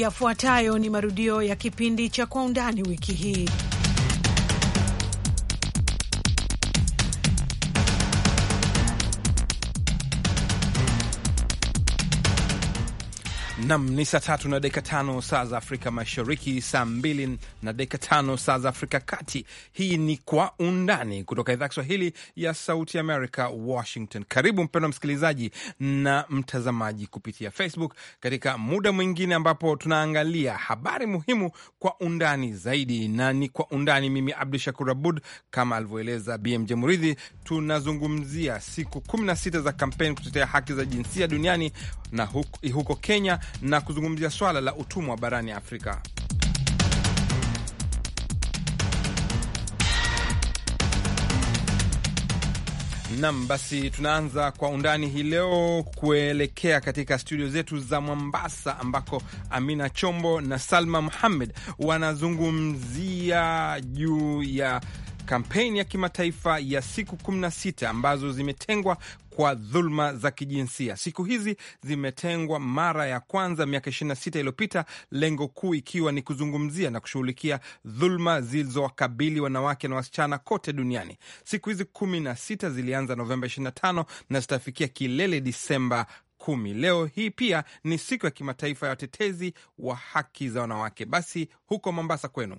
Yafuatayo ni marudio ya kipindi cha Kwa Undani wiki hii. Nam ni saa tatu na dakika tano saa za Afrika Mashariki, saa mbili na dakika tano saa za Afrika Kati. Hii ni Kwa Undani kutoka idhaa Kiswahili ya Sauti Amerika, Washington. Karibu mpendwa msikilizaji na mtazamaji kupitia Facebook katika muda mwingine ambapo tunaangalia habari muhimu kwa undani zaidi, na ni Kwa Undani. Mimi Abdu Shakur Abud, kama alivyoeleza BMJ Muridhi, tunazungumzia siku 16 za kampeni kutetea haki za jinsia duniani na huko, huko Kenya na kuzungumzia swala la utumwa barani Afrika. Nam, basi tunaanza kwa undani hii leo kuelekea katika studio zetu za Mombasa, ambako Amina Chombo na Salma Muhammed wanazungumzia juu ya kampeni ya kimataifa ya siku 16 ambazo zimetengwa kwa dhuluma za kijinsia. Siku hizi zimetengwa mara ya kwanza miaka 26 iliyopita, lengo kuu ikiwa ni kuzungumzia na kushughulikia dhuluma zilizowakabili wanawake na wasichana kote duniani. Siku hizi kumi na sita zilianza Novemba 25 na zitafikia kilele Disemba kumi. Leo hii pia ni siku ya kimataifa ya watetezi wa haki za wanawake. Basi huko Mombasa kwenu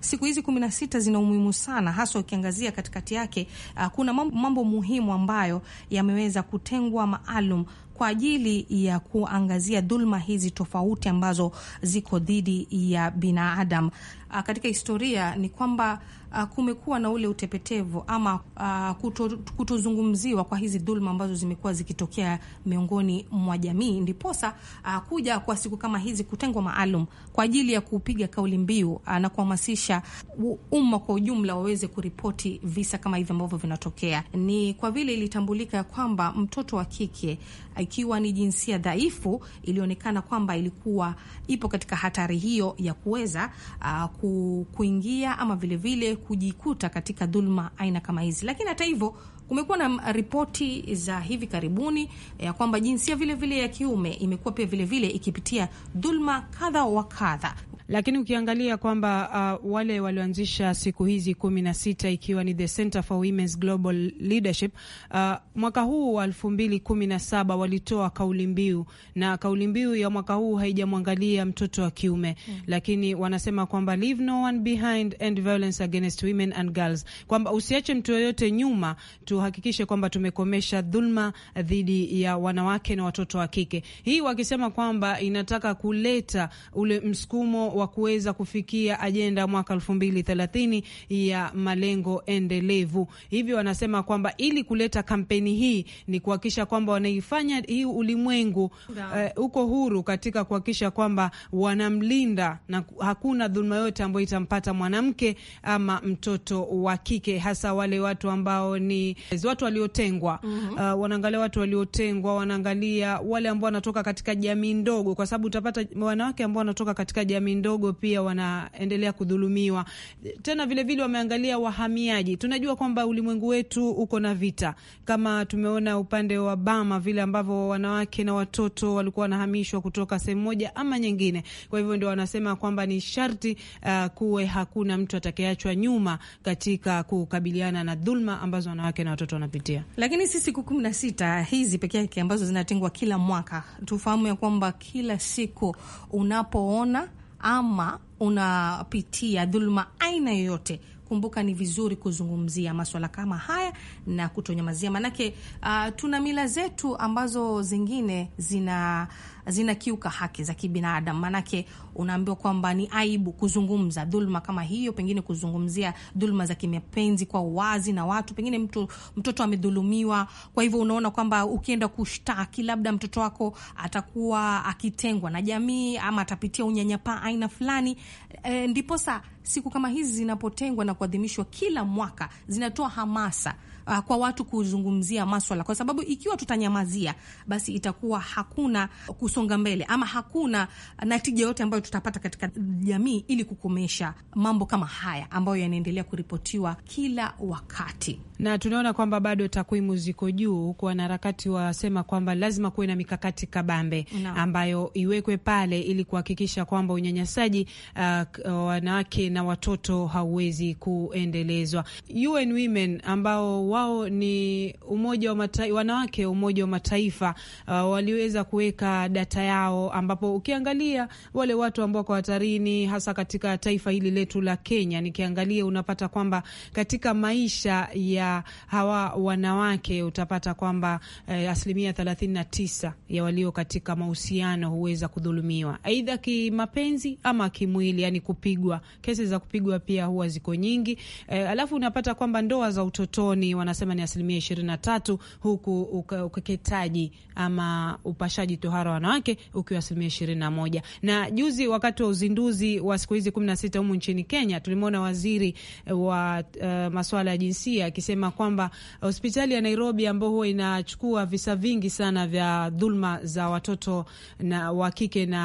siku hizi kumi na sita zina umuhimu sana, hasa ukiangazia katikati yake uh, kuna mambo muhimu ambayo yameweza kutengwa maalum kwa ajili ya kuangazia dhulma hizi tofauti ambazo ziko dhidi ya binadamu ah, katika historia ni kwamba uh, kumekuwa na ule utepetevu ama uh, kutozungumziwa kuto kwa hizi dhulma ambazo zimekuwa zikitokea miongoni mwa jamii, ndiposa uh, kuja kwa siku kama hizi kutengwa maalum kwa ajili ya kupiga kauli mbiu uh, na kuhamasisha umma kwa ujumla waweze kuripoti visa kama hivi ambavyo vinatokea. Ni kwa vile ilitambulika ya kwamba mtoto wa kike ikiwa ni jinsia dhaifu, ilionekana kwamba ilikuwa ipo katika hatari hiyo ya kuweza uh, kuingia ama vilevile vile kujikuta katika dhuluma aina kama hizi, lakini hata hivyo kumekuwa na ripoti za hivi karibuni eh, ya kwamba jinsia vile vile ya kiume imekuwa pia vile vile ikipitia dhulma kadha wa kadha. Lakini ukiangalia kwamba uh, wale walioanzisha siku hizi kumi na sita ikiwa ni the Center for Women's Global Leadership uh, mwaka huu wa elfu mbili kumi na saba walitoa kauli mbiu, na kauli mbiu ya mwaka huu haijamwangalia mtoto wa kiume mm. Lakini wanasema kwamba leave no one behind and violence against women and girls, kwamba usiache mtu yoyote nyuma, tuhakikishe kwamba tumekomesha dhulma dhidi ya wanawake na watoto wa kike, hii wakisema kwamba inataka kuleta ule msukumo wa kuweza kufikia ajenda mwaka elfu mbili thelathini ya malengo endelevu. Hivyo wanasema kwamba ili kuleta kampeni hii ni kuhakikisha kwamba wanaifanya hii ulimwengu huko eh, uko huru katika kuhakikisha kwamba wanamlinda na hakuna dhuluma yote ambayo itampata mwanamke ama mtoto wa kike, hasa wale watu ambao ni watu waliotengwa. mm -hmm. Uh, wanaangalia watu waliotengwa, wanaangalia wale ambao wanatoka katika jamii ndogo, kwa sababu utapata wanawake ambao wanatoka katika jamii ndogo ndogo pia wanaendelea kudhulumiwa. Tena vilevile vile wameangalia wahamiaji. Tunajua kwamba ulimwengu wetu uko na vita, kama tumeona upande wa Bama vile ambavyo wanawake na watoto walikuwa wanahamishwa kutoka sehemu moja ama nyingine. Kwa hivyo ndio wanasema kwamba ni sharti uh, kuwe hakuna mtu atakayeachwa nyuma katika kukabiliana na dhulma ambazo wanawake na watoto wanapitia. Lakini si siku kumi na sita hizi peke yake ambazo zinatengwa kila mwaka, tufahamu ya kwamba kila siku unapoona ama unapitia dhuluma aina yoyote, kumbuka ni vizuri kuzungumzia maswala kama haya na kutonyamazia, maanake uh, ah, tuna mila zetu ambazo zingine zina zinakiuka haki za kibinadamu. Maanake unaambiwa kwamba ni aibu kuzungumza dhulma kama hiyo, pengine kuzungumzia dhulma za kimapenzi kwa uwazi na watu, pengine mtu, mtoto amedhulumiwa. Kwa hivyo unaona kwamba ukienda kushtaki, labda mtoto wako atakuwa akitengwa na jamii ama atapitia unyanyapaa aina fulani. E, ndiposa siku kama hizi zinapotengwa na kuadhimishwa kila mwaka zinatoa hamasa kwa watu kuzungumzia maswala, kwa sababu ikiwa tutanyamazia, basi itakuwa hakuna kuso kusonga mbele ama hakuna natija yote ambayo tutapata katika jamii ili kukomesha mambo kama haya ambayo yanaendelea kuripotiwa kila wakati. Na tunaona kwamba bado takwimu ziko juu, huku wanaharakati wasema kwamba lazima kuwe na mikakati kabambe no. ambayo iwekwe pale ili kuhakikisha kwamba unyanyasaji uh, uh wanawake na watoto hauwezi kuendelezwa. UN Women ambao wao ni umoja wa wanawake umoja wa mataifa uh, waliweza kuweka data yao, ambapo ukiangalia wale watu ambao wako hatarini, hasa katika taifa hili letu la Kenya, nikiangalia unapata kwamba katika maisha ya hawa wanawake utapata kwamba eh, asilimia tisa ya walio katika mahusiano huweza kudhulumiwa aidha kimapenzi ama kimwili, yani kupigwa. Kesi za kupigwa pia huwa ziko nyingi eh, alafu unapata kwamba ndoa za utotoni wanasema ni asilimia tatu huku ukeketaji ama upashaji tohara wanawake ukiwa asilimia ishirini na moja. Na juzi wakati wa uzinduzi wa siku hizi kumi na sita humu nchini Kenya tulimwona waziri eh, wa uh, eh, masuala ya jinsia akisema kwamba hospitali ya Nairobi ambao huwa inachukua visa vingi sana vya dhulma za watoto na wa kike na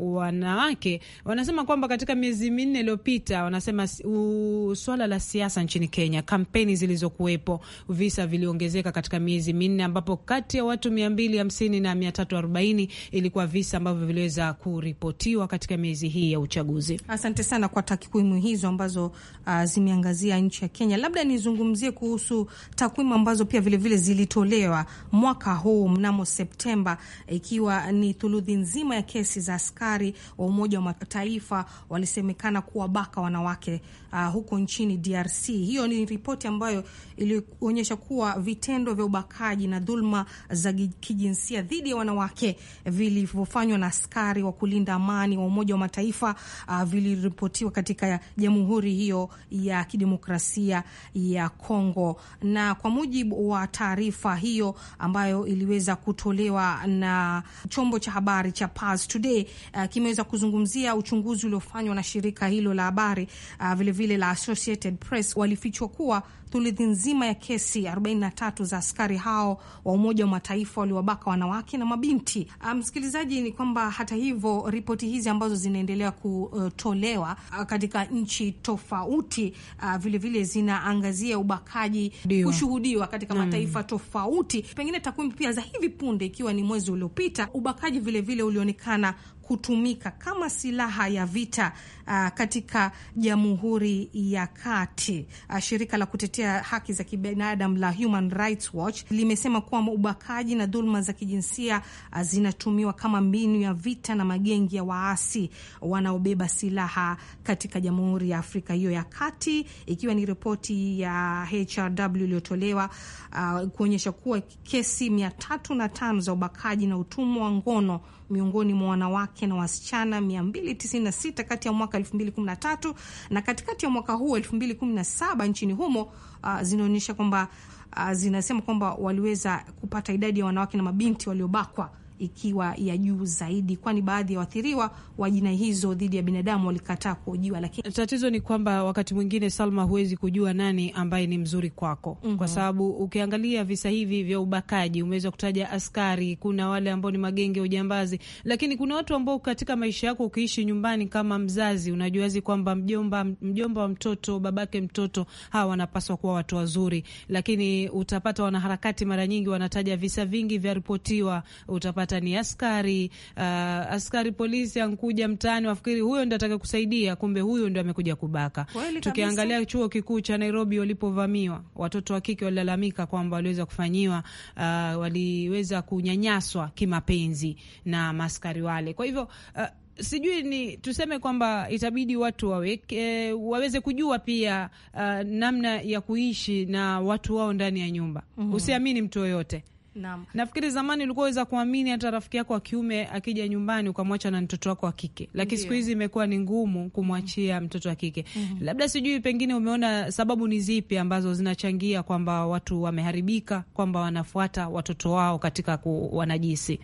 wanawake, wanasema kwamba katika miezi minne iliyopita, wanasema uh, swala la siasa nchini Kenya, kampeni zilizokuwepo, visa viliongezeka katika miezi minne, ambapo kati ya watu mia mbili hamsini na mia tatu arobaini ilikuwa visa ambavyo viliweza kuripotiwa katika miezi hii ya uchaguzi. Asante sana kwa takwimu hizo ambazo uh, zimeangazia nchi ya Kenya. Labda nizungumzie kuhusu takwimu ambazo pia vilevile vile zilitolewa mwaka huu mnamo Septemba, ikiwa ni thuluthi nzima ya kesi za askari wa Umoja wa Mataifa walisemekana kuwabaka wanawake uh, huko nchini DRC. Hiyo ni ripoti ambayo ilionyesha kuwa vitendo vya ubakaji na dhuluma za kijinsia dhidi ya wanawake vilivyofanywa na askari wa kulinda amani wa Umoja wa Mataifa uh, viliripotiwa katika jamhuri hiyo ya kidemokrasia ya Kongo, na kwa mujibu wa taarifa hiyo ambayo iliweza kutolewa na chombo cha habari cha Pars Today uh, kimeweza kuzungumzia uchunguzi uliofanywa na shirika hilo la habari uh, vilevile la Associated Press, walifichwa kuwa thuluthi nzima ya kesi 43 za askari hao wa Umoja wa Mataifa waliowabaka wanawake na mabinti. Ah, msikilizaji, ni kwamba hata hivyo ripoti hizi ambazo zinaendelea kutolewa ah, katika nchi tofauti vilevile ah, vile zinaangazia ubakaji Dio, kushuhudiwa katika mm. mataifa tofauti. Pengine takwimu pia za hivi punde, ikiwa ni mwezi uliopita, ubakaji vilevile vile ulionekana kutumika kama silaha ya vita uh, katika Jamhuri ya Kati. Uh, shirika la kutetea haki za kibinadamu la Human Rights Watch limesema kuwa ubakaji na dhuluma za kijinsia uh, zinatumiwa kama mbinu ya vita na magengi ya waasi wanaobeba silaha katika Jamhuri ya Afrika hiyo ya Kati, ikiwa ni ripoti ya HRW iliyotolewa uh, kuonyesha kuwa kesi mia tatu na tano za ubakaji na utumwa wa ngono miongoni mwa wanawake na wasichana 296 kati ya mwaka 2013 na katikati ya mwaka huu 2017 nchini humo uh, zinaonyesha kwamba uh, zinasema kwamba waliweza kupata idadi ya wanawake na mabinti waliobakwa ikiwa ya juu zaidi, kwani baadhi ya waathiriwa wa jinai hizo dhidi ya binadamu walikataa kuhojiwa. Lakini tatizo ni kwamba wakati mwingine, Salma, huwezi kujua nani ambaye ni mzuri kwako mm -hmm. kwa sababu ukiangalia visa hivi vya ubakaji, umeweza kutaja askari, kuna wale ambao ni magenge ya ujambazi, lakini kuna watu ambao katika maisha yako ukiishi nyumbani kama mzazi, unajua wazi kwamba mjomba, mjomba wa mtoto, babake mtoto, hawa wanapaswa kuwa watu wazuri, lakini utapata wanaharakati mara nyingi wanataja visa vingi vya ripotiwa, utapata hata ni askari uh, askari polisi ankuja mtaani wafikiri huyo ndo ataka kusaidia, kumbe huyo ndo amekuja kubaka. Tukiangalia chuo kikuu cha Nairobi walipovamiwa, watoto wa kike walilalamika kwamba waliweza kufanyiwa uh, waliweza kunyanyaswa kimapenzi na maskari wale. Kwa hivyo uh, sijui ni tuseme kwamba itabidi watu waweke, waweze kujua pia uh, namna ya kuishi na watu wao ndani ya nyumba. Mm -hmm. Usiamini mtu yoyote. Naam. Nafikiri zamani ulikuwa weza kuamini hata rafiki yako wa kiume akija nyumbani ukamwacha na mtoto wako wa kike, lakini siku hizi imekuwa ni ngumu kumwachia mtoto wa kike. mm -hmm. Labda sijui, pengine umeona sababu ni zipi ambazo zinachangia kwamba watu wameharibika, kwamba wanafuata watoto wao katika wanajisi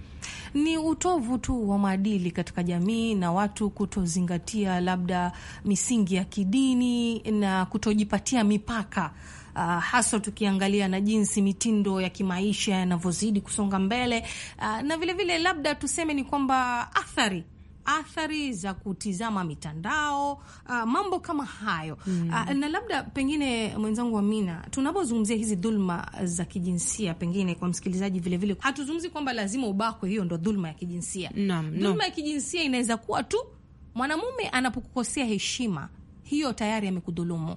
Ni utovu tu wa maadili katika jamii na watu kutozingatia labda misingi ya kidini na kutojipatia mipaka uh, ah, hasa tukiangalia na jinsi mitindo ya kimaisha yanavyozidi kusonga mbele uh, na vilevile vile labda tuseme ni kwamba athari athari za kutizama mitandao uh, mambo kama hayo mm. Uh, na labda pengine mwenzangu Amina, tunapozungumzia hizi dhulma za kijinsia, pengine kwa msikilizaji vilevile, hatuzungumzi kwamba lazima ubakwe, hiyo ndo dhulma ya kijinsia no, no. Dhulma ya kijinsia inaweza kuwa tu mwanamume anapokukosea heshima, hiyo tayari amekudhulumu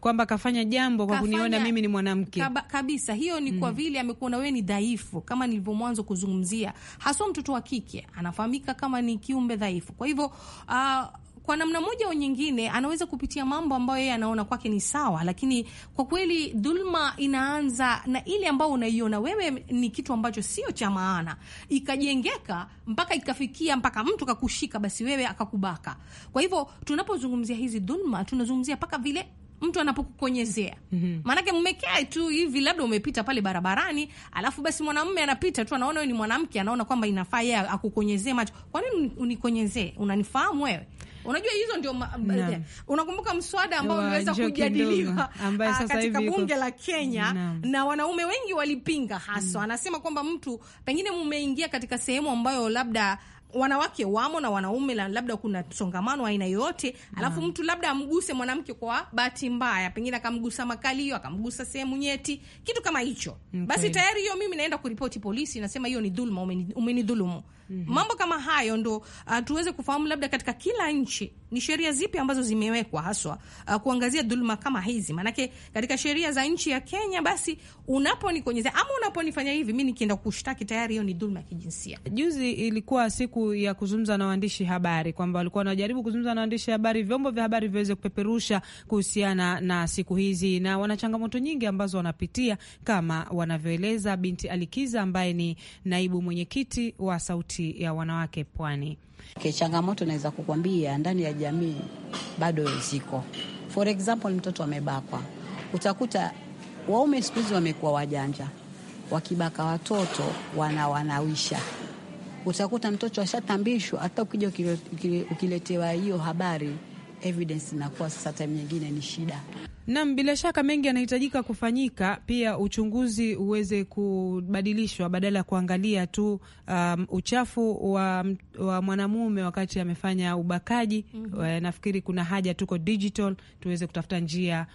kwamba kafanya jambo kwa kafanya, kuniona mimi ni mwanamke kabisa. Hiyo ni kwa mm. vile amekuona wewe ni dhaifu, kama nilivyo mwanzo kuzungumzia, haswa mtoto wa kike anafahamika kama ni kiumbe dhaifu. Kwa hivyo uh, kwa namna moja au nyingine anaweza kupitia mambo ambayo yeye anaona kwake ni sawa, lakini kwa kweli dhulma inaanza na ile ambayo unaiona wewe ni kitu ambacho sio cha maana, ikajengeka mpaka ikafikia mpaka mtu kakushika, basi wewe akakubaka. Kwa hivyo tunapozungumzia hizi dhulma tunazungumzia mpaka vile mtu anapokukonyezea mm-hmm. Maanake tu hivi, labda umepita pale barabarani, alafu basi mwanamme anapita tu, anaona ni mwanamke, anaona kwamba inafaa yeye akukonyezee macho. kwanini unikonyezee? Unanifahamu wewe? Unajua hizo ndio eh, unakumbuka mswada ambao uliweza kujadiliwa ah, katika bunge la Kenya na, na wanaume wengi walipinga haswa, mm. anasema kwamba mtu pengine mumeingia katika sehemu ambayo labda wanawake wamo na wanaume na labda kuna msongamano aina yoyote, alafu mtu labda amguse mwanamke kwa bahati mbaya, pengine akamgusa makalio, akamgusa sehemu nyeti, kitu kama hicho okay. Basi tayari hiyo mimi naenda kuripoti polisi, nasema hiyo ni dhulma, umenidhulumu. mm -hmm. Mambo kama hayo ndo uh, tuweze kufahamu labda katika kila nchi ni sheria zipi ambazo zimewekwa haswa uh, kuangazia dhuluma kama hizi? Maanake katika sheria za nchi ya Kenya, basi unaponikonyezea ama unaponifanya hivi, mi nikienda kushtaki tayari hiyo ni dhuluma ya kijinsia. Juzi ilikuwa siku ya kuzungumza na waandishi habari, kwamba walikuwa wanajaribu kuzungumza na waandishi habari, vyombo vya habari viweze kupeperusha kuhusiana na siku hizi, na wana changamoto nyingi ambazo wanapitia kama wanavyoeleza binti Alikiza ambaye ni naibu mwenyekiti wa Sauti ya Wanawake Pwani ke changamoto naweza kukwambia ndani ya jamii bado ziko. For example, mtoto amebakwa, utakuta waume siku hizi wamekuwa wajanja, wakibaka watoto wana wanawisha utakuta mtoto ashatambishwa. Hata ukija ukiletewa hiyo habari evidence, inakuwa sasa time nyingine ni shida. Nam, bila shaka mengi yanahitajika kufanyika, pia uchunguzi uweze kubadilishwa, badala ya kuangalia tu um, uchafu wa, wa mwanamume wakati amefanya ubakaji. mm -hmm. Nafikiri kuna haja tuko digital, tuweze kutafuta njia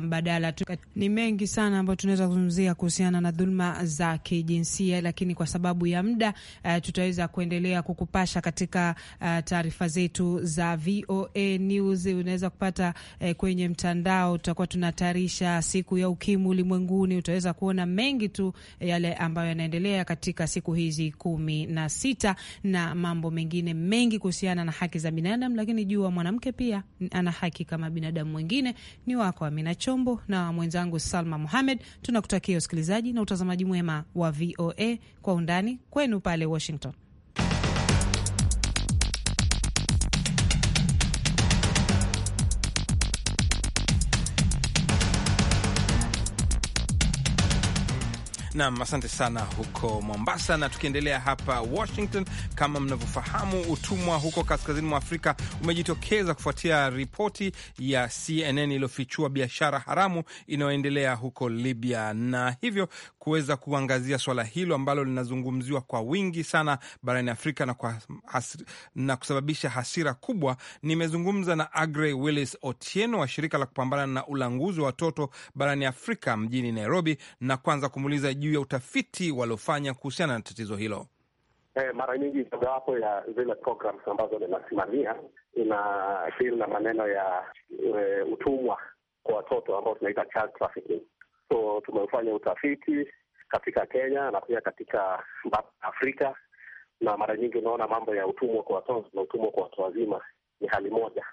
mbadala. Um, ni mengi sana ambayo tunaweza kuzungumzia kuhusiana na dhulma za kijinsia, lakini kwa sababu ya muda uh, tutaweza kuendelea kukupasha katika uh, taarifa zetu za VOA News. Unaweza kupata uh, kwenye mtandao tutakuwa tunatayarisha siku ya ukimwi ulimwenguni. Utaweza kuona mengi tu yale ambayo yanaendelea katika siku hizi kumi na sita na mambo mengine mengi kuhusiana na haki za binadamu, lakini jua mwanamke pia ana haki kama binadamu mwingine. Ni wako Amina Chombo na mwenzangu Salma Muhamed. Tunakutakia usikilizaji na utazamaji mwema wa VOA kwa undani kwenu pale Washington. Nam, asante sana huko Mombasa. Na tukiendelea hapa Washington, kama mnavyofahamu, utumwa huko kaskazini mwa Afrika umejitokeza kufuatia ripoti ya CNN iliyofichua biashara haramu inayoendelea huko Libya, na hivyo kuweza kuangazia swala hilo ambalo linazungumziwa kwa wingi sana barani Afrika na, kwa hasri, na kusababisha hasira kubwa. Nimezungumza na Agre Willis Otieno wa shirika la kupambana na ulanguzi wa watoto barani Afrika mjini Nairobi, na kwanza kumuuliza juu ya utafiti waliofanya kuhusiana na tatizo hilo? Eh, mara nyingi mojawapo ya zile programs ambazo linasimamia ina dili na maneno ya e, utumwa kwa watoto ambao tunaita child trafficking. So tumefanya utafiti katika Kenya na pia katika Afrika, na mara nyingi unaona mambo ya utumwa kwa watoto na utumwa kwa watu wazima ni hali moja.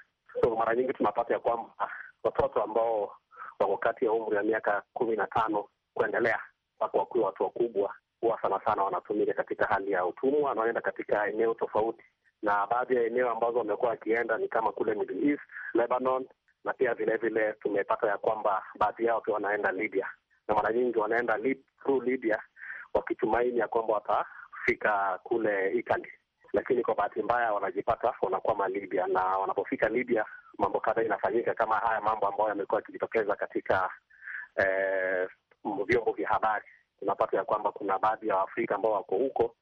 So mara nyingi tunapata ya kwamba watoto ambao wako kati ya umri ya miaka kumi na tano kuendelea wakuwa watu wakubwa huwa sana sana wanatumika katika hali ya utumwa, wanaenda katika eneo tofauti, na baadhi ya eneo ambazo wamekuwa wakienda ni kama kule Middle East, Lebanon, na pia vilevile tumepata ya kwamba baadhi yao pia wanaenda Libya, na mara nyingi wanaenda li through Libya wakitumaini ya kwamba watafika kule Italy, lakini kwa bahati mbaya wanajipata wanakwama Libya, na wanapofika Libya mambo kadhaa inafanyika kama haya mambo ambayo yamekuwa yakijitokeza katika eh, vyombo vya habari, tunapata ya kwamba kuna baadhi ya Waafrika ambao wako huko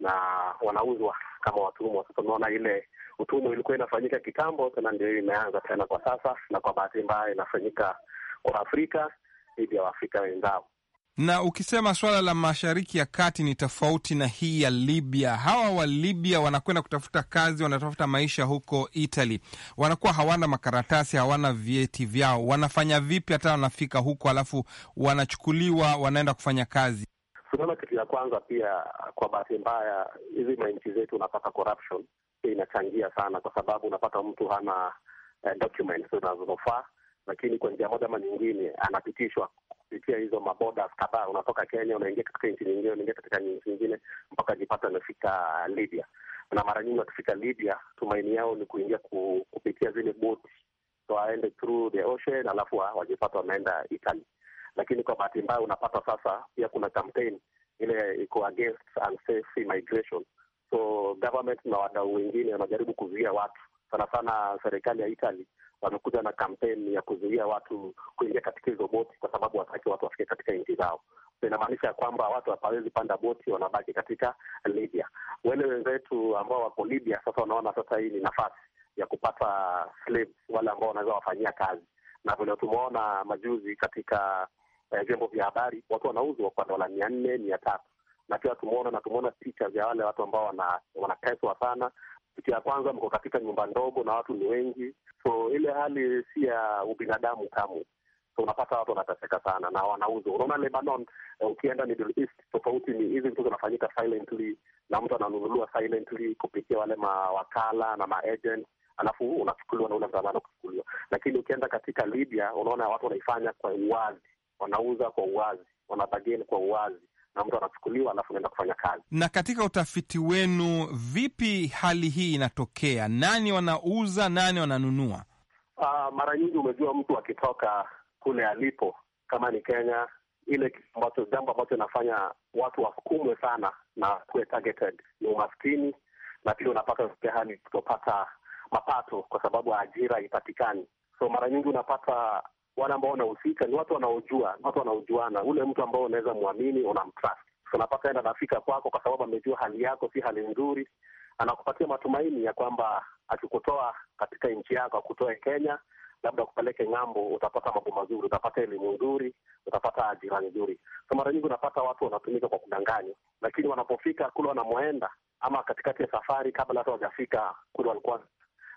na wanauzwa kama watumwa. Sasa unaona ile utumwa ilikuwa inafanyika kitambo, tena ndio imeanza tena kwa sasa, na kwa bahati mbaya inafanyika kwa Afrika dhidi ya Waafrika wenzao. Na ukisema swala la mashariki ya kati ni tofauti na hii ya Libya. Hawa wa Libya wanakwenda kutafuta kazi, wanatafuta maisha huko Italy, wanakuwa hawana makaratasi, hawana vyeti vyao. Wanafanya vipi hata wanafika huko, alafu wanachukuliwa, wanaenda kufanya kazi? Unaona, kitu ya kwanza pia, kwa bahati mbaya, hizi manchi zetu unapata corruption inachangia sana, kwa sababu unapata mtu hana eh, documents zinazofaa, lakini kwa njia moja ama nyingine anapitishwa kupitia hizo maboda kadhaa. Unatoka Kenya unaingia katika nchi nyingine, unaingia katika nchi nyingine mpaka jipata amefika Libya. Na mara nyingi wakifika Libya, tumaini yao ni kuingia ku, kupitia zile boti, so aende through the ocean, alafu wajipata wameenda Italy. Lakini kwa bahati mbaya unapata sasa pia kuna campaign ile iko against unsafe migration, so government na wadau wengine wanajaribu kuzuia watu sana sana serikali ya Italy wamekuja na kampeni ya kuzuia watu kuingia katika hizo boti, kwa sababu wataki watu wafike katika nchi zao. Inamaanisha ya kwamba watu hawawezi panda boti, wanabaki katika Libya. Wale wenzetu ambao wako Libya sasa wanaona sasa hii ni nafasi ya kupata slaves, wale ambao wanaweza wafanyia kazi, na vile tumeona majuzi katika eh, vyombo eh, vya habari, watu wanauzwa kwa dola mia nne mia tatu na pia tumeona na tumeona picha ya wale watu ambao wanateswa wana sana Siku ya kwanza mko katika nyumba ndogo na watu ni wengi, so ile hali si ya ubinadamu kamwe. So unapata watu wanateseka sana na wanauzwa. Unaona Lebanon, eh, ukienda Middle East tofauti ni hizi vitu zinafanyika silently, na mtu ananunuliwa silently kupitia wale mawakala na maagent alafu unachukuliwa na ule mdhamana kuchukuliwa. Lakini ukienda katika Libya unaona watu wanaifanya kwa uwazi, wanauza kwa uwazi, wanabageni kwa uwazi na mtu anachukuliwa alafu naenda kufanya kazi. Na katika utafiti wenu, vipi hali hii inatokea? Nani wanauza, nani wananunua? Uh, mara nyingi umejua mtu akitoka kule alipo, kama ni Kenya, ile ambacho jambo ambacho inafanya watu wasukumwe sana na kuwe targeted ni umaskini, na pia unapata hali kutopata mapato kwa sababu ajira haipatikani. So mara nyingi unapata wale ambao wanahusika ni watu wanaojua, watu wanaojuana. Ule mtu ambao unaweza mwamini, unamtrust, unapata enda nafika kwako kwa sababu amejua hali yako si hali nzuri, anakupatia matumaini ya kwamba akikutoa katika nchi yako, akutoe Kenya, labda kupeleke ng'ambo, utapata mambo mazuri, utapata elimu nzuri, utapata ajira nzuri. So mara nyingi unapata watu wanatumika kwa kudanganywa, lakini wanapofika kule wanamwenda, ama katikati ya safari, kabla hata wajafika kule walikuwa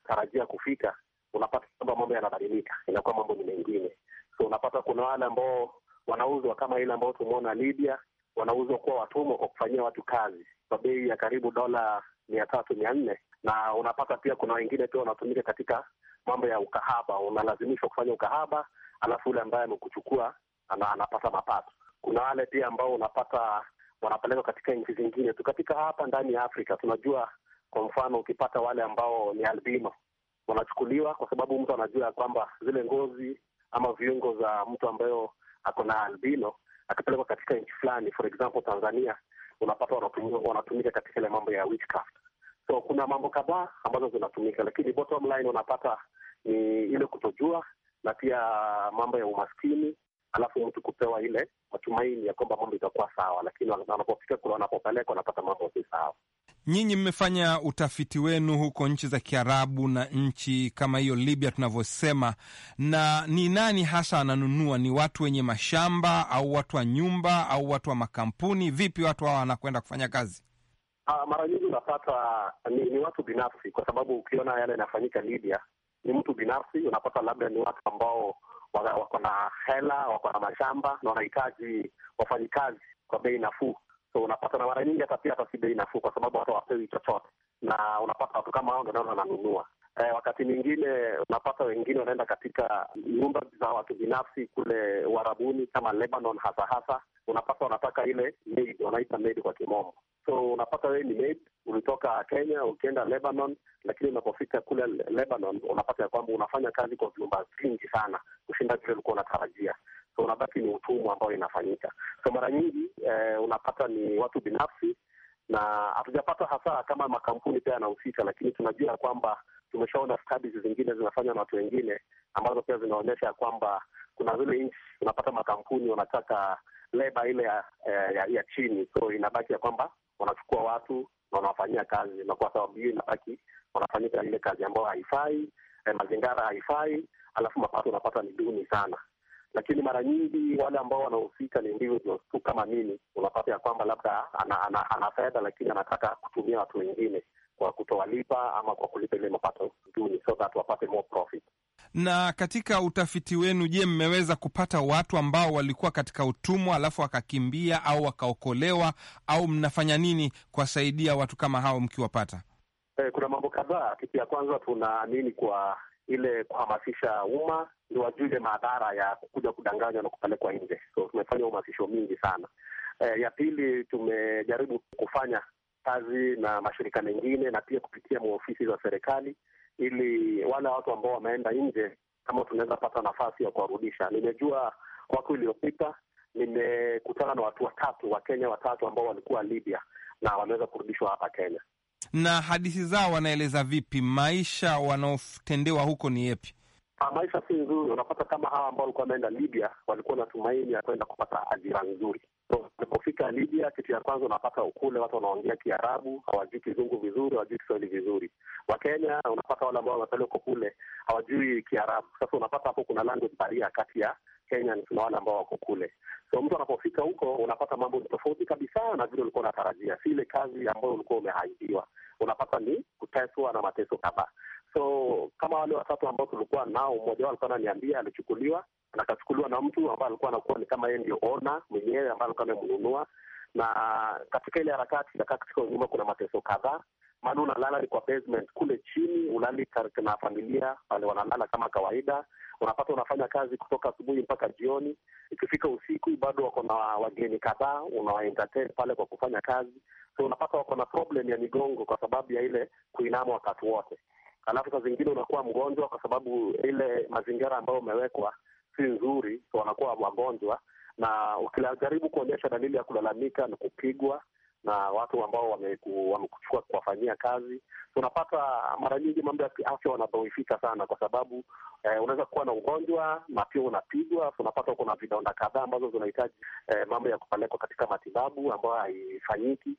tarajia kufika unapata kwamba mambo yanabadilika, inakuwa mambo ni mengine. So unapata kuna wale ambao wanauzwa kama ile ambao tumeona Libya, wanauzwa kuwa watumwa kwa kufanyia watu kazi kwa bei ya karibu dola mia tatu mia nne na unapata pia kuna wengine pia wanatumika katika mambo ya ukahaba, unalazimishwa kufanya ukahaba, alafu yule ambaye amekuchukua ana, anapata mapato. Kuna wale pia ambao unapata wanapelekwa katika nchi zingine tu katika hapa ndani ya Afrika. Tunajua kwa mfano, ukipata wale ambao ni albino wanachukuliwa, kwa sababu mtu anajua ya kwamba zile ngozi ama viungo za mtu ambayo ako na albino akipelekwa katika nchi fulani, for example Tanzania, unapata wanatumika katika ile mambo ya witchcraft. So kuna mambo kadhaa ambazo zinatumika, lakini bottom line unapata ni ile kutojua na pia mambo ya umaskini alafu mtu kupewa ile matumaini ya kwamba mambo itakuwa sawa, lakini wanapofika kule, wanapopeleka wanapata mambo si sawa. Nyinyi mmefanya utafiti wenu huko nchi za Kiarabu na nchi kama hiyo Libya tunavyosema, na ni nani hasa ananunua? Ni watu wenye mashamba au watu wa nyumba au watu wa makampuni? Vipi watu hawa wanakwenda kufanya kazi? Aa, ah, mara nyingi unapata ni, ni watu binafsi, kwa sababu ukiona yale yanafanyika Libya ni mtu binafsi, unapata labda ni watu ambao wako na hela, wako na mashamba na wanahitaji wafanyikazi kwa bei nafuu. So unapata na mara nyingi hata pia hata si bei nafuu, kwa sababu hata wapewi chochote, na unapata watu kama hao ndio wananunua. Eh, wakati mwingine unapata wengine wanaenda katika nyumba za watu binafsi kule warabuni kama Lebanon, hasa hasa unapata wanataka ile maid, wanaita maid kwa kimombo. So unapata wewe ni maid, ulitoka Kenya ukienda Lebanon, lakini unapofika kule Lebanon unapata ya kwamba unafanya kazi kwa vyumba vingi sana kushinda vile ulikuwa unatarajia. So unabaki ni utumwa ambao inafanyika. So mara nyingi eh, unapata ni watu binafsi, na hatujapata hasa kama makampuni pia yanahusika, lakini tunajua kwamba tumeshaona studies zingine zinafanywa na watu wengine ambazo pia zinaonyesha ya kwamba kuna zile nchi unapata makampuni wanataka leba ile ya, eh, ya, ya chini, so inabaki ya kwamba wanachukua watu na wanawafanyia kazi, na kwa sababu hiyo inabaki wanafanyika ile kazi ambayo haifai, eh, mazingira haifai, alafu mapato unapata ni duni sana. Lakini mara nyingi wale ambao wanahusika ni individuals tu kama mimi, unapata ya kwamba labda ana, ana, ana, ana fedha lakini anataka kutumia watu wengine kwa kutowalipa ama kwa kulipa ile mapato duni, so that wapate more profit. Na katika utafiti wenu, je, mmeweza kupata watu ambao walikuwa katika utumwa alafu wakakimbia au wakaokolewa, au mnafanya nini kuwasaidia watu kama hao mkiwapata? Eh, kuna mambo kadhaa. Kitu ya kwanza tunaamini kwa ile kuhamasisha umma ni wajue madhara ya kuja kudanganywa na kupelekwa nje, so tumefanya uhamasisho mingi sana. E, ya pili tumejaribu kufanya kazi na mashirika mengine na pia kupitia maofisi za serikali, ili wale watu ambao wameenda nje, kama tunaweza pata nafasi ya kuwarudisha. Nimejua mwaka iliyopita nimekutana na watu watatu wa Kenya watatu ambao walikuwa Libya na wameweza kurudishwa hapa Kenya. Na hadithi zao wanaeleza vipi maisha wanaotendewa huko ni yepi? Ha, ah, maisha si nzuri. Unapata kama hawa ambao walikuwa wameenda Libya walikuwa na tumaini ya kwenda kupata ajira nzuri, Unapofika Libya, kitu ya kwanza unapata ukule, watu wanaongea Kiarabu, hawajui kizungu vizuri, hawajui Kiswahili vizuri. Wakenya unapata wale ambao wamezaliwa huko kule hawajui Kiarabu. Sasa unapata hapo kuna language barrier kati ya Kenya na wale ambao wako kule. So mtu anapofika huko unapata mambo ni tofauti kabisa na vile ulikuwa unatarajia, si ile kazi ambayo ulikuwa umehaidiwa. Unapata ni kuteswa na mateso kadhaa. So kama wale watatu ambao tulikuwa nao, mmoja wao alikuwa ananiambia alichukuliwa na akachukuliwa na mtu ambaye alikuwa anakuwa ni kama yeye ndio ona mwenyewe ambaye alikuwa amemnunua. Na katika ile harakati za katika nyuma, kuna mateso kadhaa, maana unalala ni kwa basement kule chini, ulali na familia pale, wanalala kama kawaida. Unapata unafanya kazi kutoka asubuhi mpaka jioni, ikifika usiku bado wako na wageni kadhaa, unawaentertain pale kwa kufanya kazi, so unapata wako na problem ya migongo kwa sababu ya ile kuinama wakati wote. Alafu saa zingine unakuwa mgonjwa kwa sababu ile mazingira ambayo umewekwa si nzuri, wanakuwa wagonjwa, na ukijaribu kuonyesha dalili ya kulalamika ni kupigwa na watu ambao wamekuchukua kuwafanyia kazi. Unapata mara nyingi mambo ya kiafya wanadhoifika sana, kwa sababu eh, unaweza kuwa na ugonjwa na pia unapigwa. Unapata uko na vidonda kadhaa ambazo zinahitaji eh, mambo ya kupelekwa katika matibabu ambayo haifanyiki.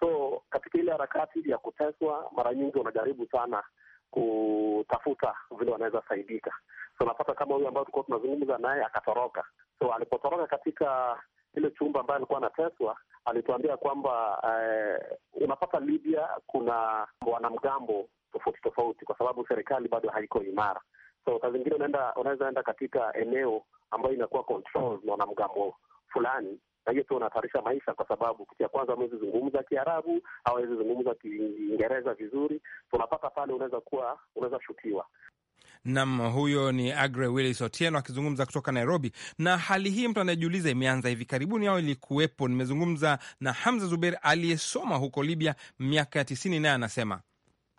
So katika ile harakati ya kuteswa, mara nyingi unajaribu sana kutafuta vile wanaweza saidika. So unapata kama huyu ambayo tulikuwa tunazungumza naye akatoroka. So alipotoroka katika ile chumba ambayo alikuwa anateswa, alituambia kwamba eh, unapata Libya kuna wanamgambo tofauti tofauti, kwa sababu serikali bado haiko imara. So saa zingine unaweza enda katika eneo ambayo inakuwa na wanamgambo fulani na hiyo pia unahatarisha maisha, kwa sababu kitu ya kwanza hawezi zungumza Kiarabu, au awezi zungumza Kiingereza vizuri. Tunapata pale, unaweza kuwa unaweza shutiwa. Nam, huyo ni Agre Willis Otieno akizungumza kutoka Nairobi. Na hali hii mtu anayejiuliza imeanza hivi karibuni au ilikuwepo? Nimezungumza na Hamza Zuber aliyesoma huko Libya miaka ya tisini, naye anasema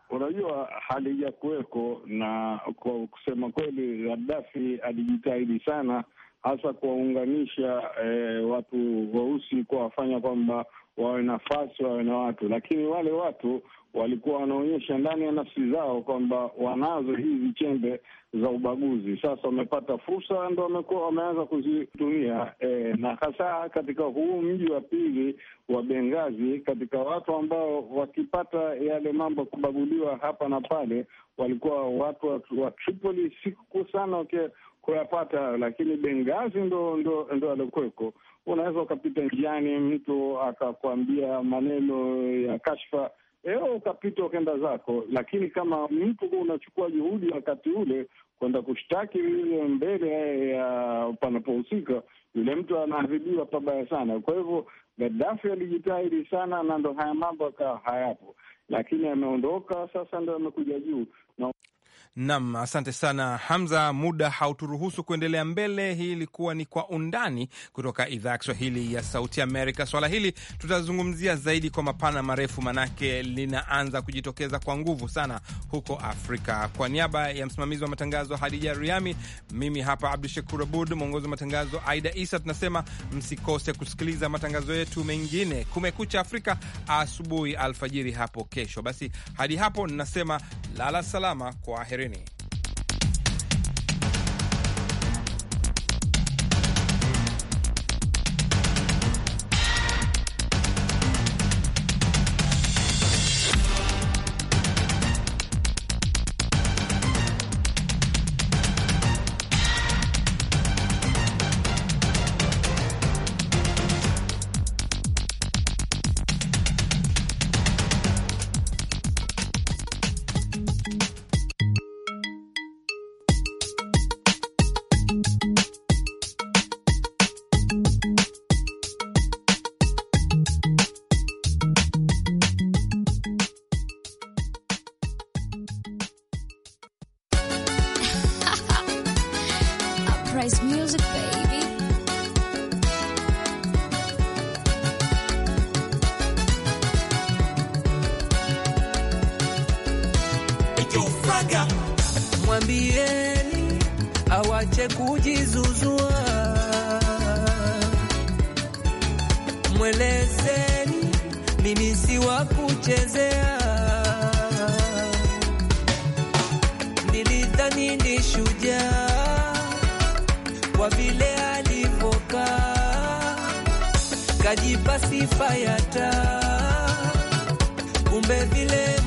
Unajua, hali ya kuweko na kwa kusema kweli, Gaddafi alijitahidi sana hasa kuwaunganisha e, watu weusi kuwafanya kwamba wawe nafasi wawe na watu, lakini wale watu walikuwa wanaonyesha ndani ya nafsi zao kwamba wanazo hizi chembe za ubaguzi. Sasa wamepata fursa, ndo wamekuwa wameanza kuzitumia e, na hasa katika huu mji wa pili wa Bengazi, katika watu ambao wakipata yale mambo kubaguliwa hapa na pale walikuwa watu wa Tripoli siku sana kuyapata, lakini bengazi ndo, ndo, ndo aliokweko. Unaweza ukapita njiani mtu akakwambia maneno ya kashfa eo, eh, ukapita ukaenda zako, lakini kama mtu unachukua juhudi wakati ule kwenda kushtaki ile mbele eh, ya panapohusika, yule mtu anaadhibiwa pabaya sana. Kwa hivyo Gaddafi alijitahidi sana, na ndo haya mambo akawa hayapo, lakini ameondoka sasa, ndo amekuja juu na Nam, asante sana Hamza. Muda hauturuhusu kuendelea mbele. Hii ilikuwa ni Kwa Undani kutoka idhaa ya Kiswahili ya Sauti Amerika. Swala hili tutazungumzia zaidi kwa mapana marefu, manake linaanza kujitokeza kwa nguvu sana huko Afrika. Kwa niaba ya msimamizi wa matangazo Hadija Riami, mimi hapa Abdu Shakur Abud, mwongozi wa matangazo Aida Isa, tunasema msikose kusikiliza matangazo yetu mengine, Kumekucha Afrika asubuhi, alfajiri hapo kesho. Basi hadi hapo nasema lala salama, kwa heri. Rini. nice music, baby. Mwambieni awache kujizuzua, mwelezeni mimi si wa kuchezea. vile alivyokaa kajipa sifa ya taa kumbe vile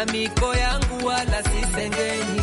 na miko yangu wala sisengenyi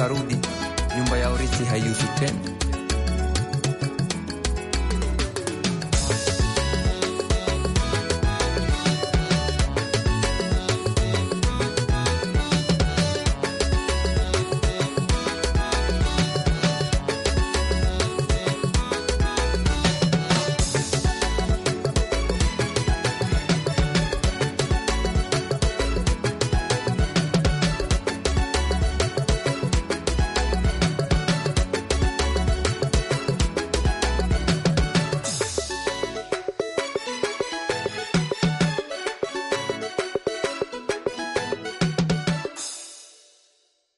wakarudi, nyumba ya urithi haiuzwi tena.